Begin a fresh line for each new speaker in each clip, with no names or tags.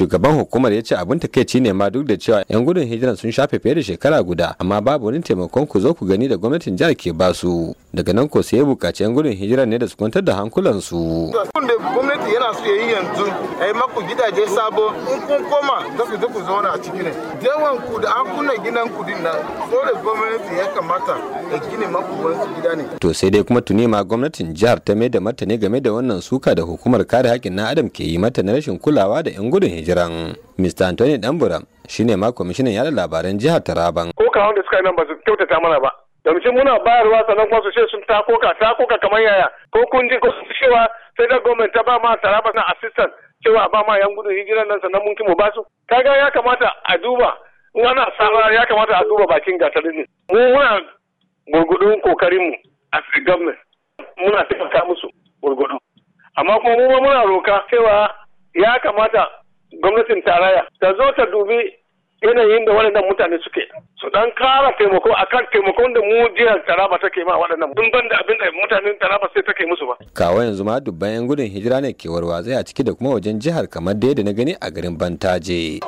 shugaban hukumar ya ce abin takaici ne ma duk da cewa yan gudun hijira sun shafe fiye da shekara guda amma babu wani taimakon ku zo ku gani da gwamnatin jihar ke basu daga nan ko sai ya bukaci yan gudun hijira ne da su kwantar da hankulansu.
da gwamnati yana so ya yi yanzu a yi maku gidaje sabo in kun koma za ku ku zauna a ciki ne. Yawan ku da an kunna gidan kudin na nan so da gwamnati ya kamata ginin gida ne.
To sai dai kuma tuni ma gwamnatin jihar ta mai da martani game da wannan suka da hukumar kare haƙƙin na adam ke yi mata na rashin kulawa da 'yan gudun hijiran. Mr. Anthony Dambura shine ma kwamishinan yada labaran jihar Taraban.
Ko kawon da suka yi nan ba kyautata mana ba. Yawancin muna bayarwa sannan kuma su ce sun takoka takoka kamar yaya ko kun ji ko su cewa sai da gwamnati ta ba ma Taraba na assistant cewa ba ma yan gudun hijiran nan sannan mun kimo ba su. Kaga ya kamata a duba in ana ya kamata a duba bakin gasar ne. Mu muna gurgudun kokarinmu a gwamnan muna taimaka musu gurgudu amma kuma mu muna roka cewa ya kamata gwamnatin tarayya ta zo ta dubi yanayin da waɗannan mutane suke su dan kara taimako a kan taimakon da mu jihar Taraba take ma waɗannan dun ban da abin da mutanen Taraba sai take musu ba
Kawo yanzu ma dubban yan gudun hijira ne ke warwa zai a ciki da kuma wajen jihar kamar da na gani a garin Bantaje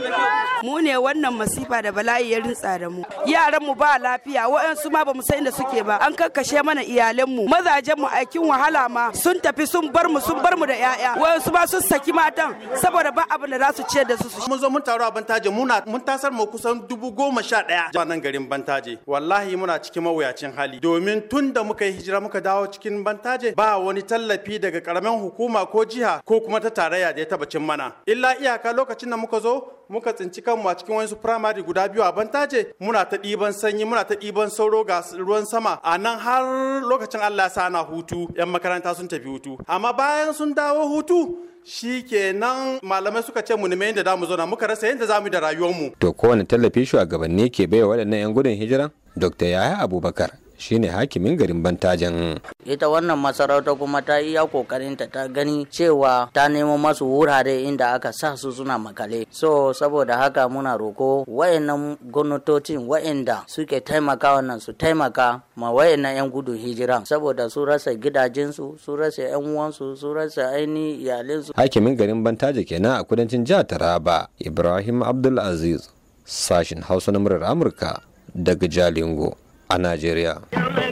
Donovan. mu ne wannan masifa da bala'i ya rintsa da mu yaran mu ba lafiya waɗansu ma bamu san inda suke ba an karkashe mana iyalan mu mazajen mu aikin wahala ma sun tafi sun bar mu sun bar mu da yaya waɗansu ma sun saki matan saboda ba abin da za su ciyar da su mun zo mun taro a bantaje muna mun tasar mu kusan dubu goma sha ɗaya a nan garin bantaje wallahi muna cikin mawuyacin hali domin tun da muka yi hijira muka dawo cikin bantaje ba wani tallafi daga karamin hukuma ko jiha ko kuma ta tarayya da ya taba cin mana illa iyaka lokacin da muka zo muka tsinci kanmu a cikin wasu firamare guda biyu a bantaje muna ta ɗiban sanyi muna ta ɗiban sauro ga ruwan sama a nan har lokacin Allah sa ana hutu 'yan makaranta sun tafi hutu amma bayan sun dawo hutu shi kenan malamai suka ce mu nemi yadda za mu zauna muka rasa yadda za mu da rayuwarmu.
To kowane tallafi shugabanni ke baiwa waɗannan 'yan gudun hijira? Dr. yaya Abubakar shine hakimin garin bantajen
ita wannan masarauta kuma ta iya kokarinta ta gani cewa ta nemo masu wurare inda aka sa su suna makale so saboda haka muna roko wayannan gwamnatocin wayanda suke taimaka wannan su taimaka ma wayannan yan gudun hijira saboda su rasa gidajensu su rasa yan uwansu su rasa ainihin iyalinsu
hakimin garin bantaje kenan a kudancin jihar taraba ibrahim abdulaziz sashin hausa na murar amurka daga jalingo a Najeriya.